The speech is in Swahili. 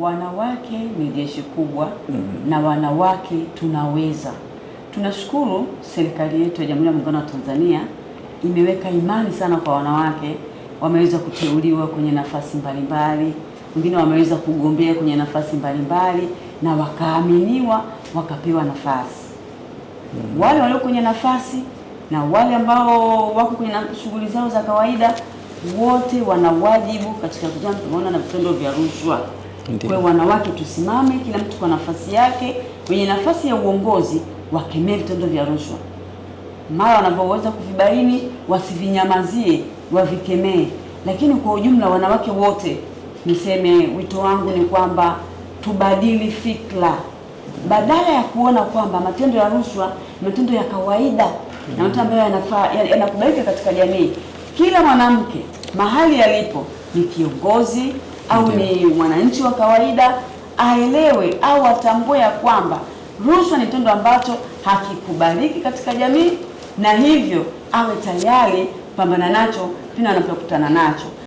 wanawake ni jeshi kubwa mm -hmm. na wanawake tunaweza. Tunashukuru serikali yetu ya Jamhuri ya Muungano wa Tanzania imeweka imani sana kwa wanawake, wameweza kuteuliwa kwenye nafasi mbalimbali, wengine wameweza kugombea kwenye nafasi mbalimbali na wakaaminiwa, wakapewa nafasi mm -hmm. wale walio kwenye nafasi na wale ambao wako kwenye shughuli zao za kawaida wote wana wajibu katika kupambana na vitendo vya rushwa. Kwa wanawake tusimame, kila mtu kwa nafasi yake, wenye nafasi ya uongozi wakemee vitendo vya rushwa mara wanavyoweza kuvibaini, wasivinyamazie, wavikemee. Lakini kwa ujumla, wanawake wote, niseme wito wangu ni kwamba tubadili fikra, badala ya kuona kwamba matendo ya rushwa ni matendo ya kawaida na matendo ambayo yanakubalika katika jamii. Kila mwanamke mahali alipo ni kiongozi au ni mwananchi wa kawaida aelewe au atambue ya kwamba rushwa ni tendo ambacho hakikubaliki katika jamii, na hivyo awe tayari pambana nacho pindi anapokutana nacho.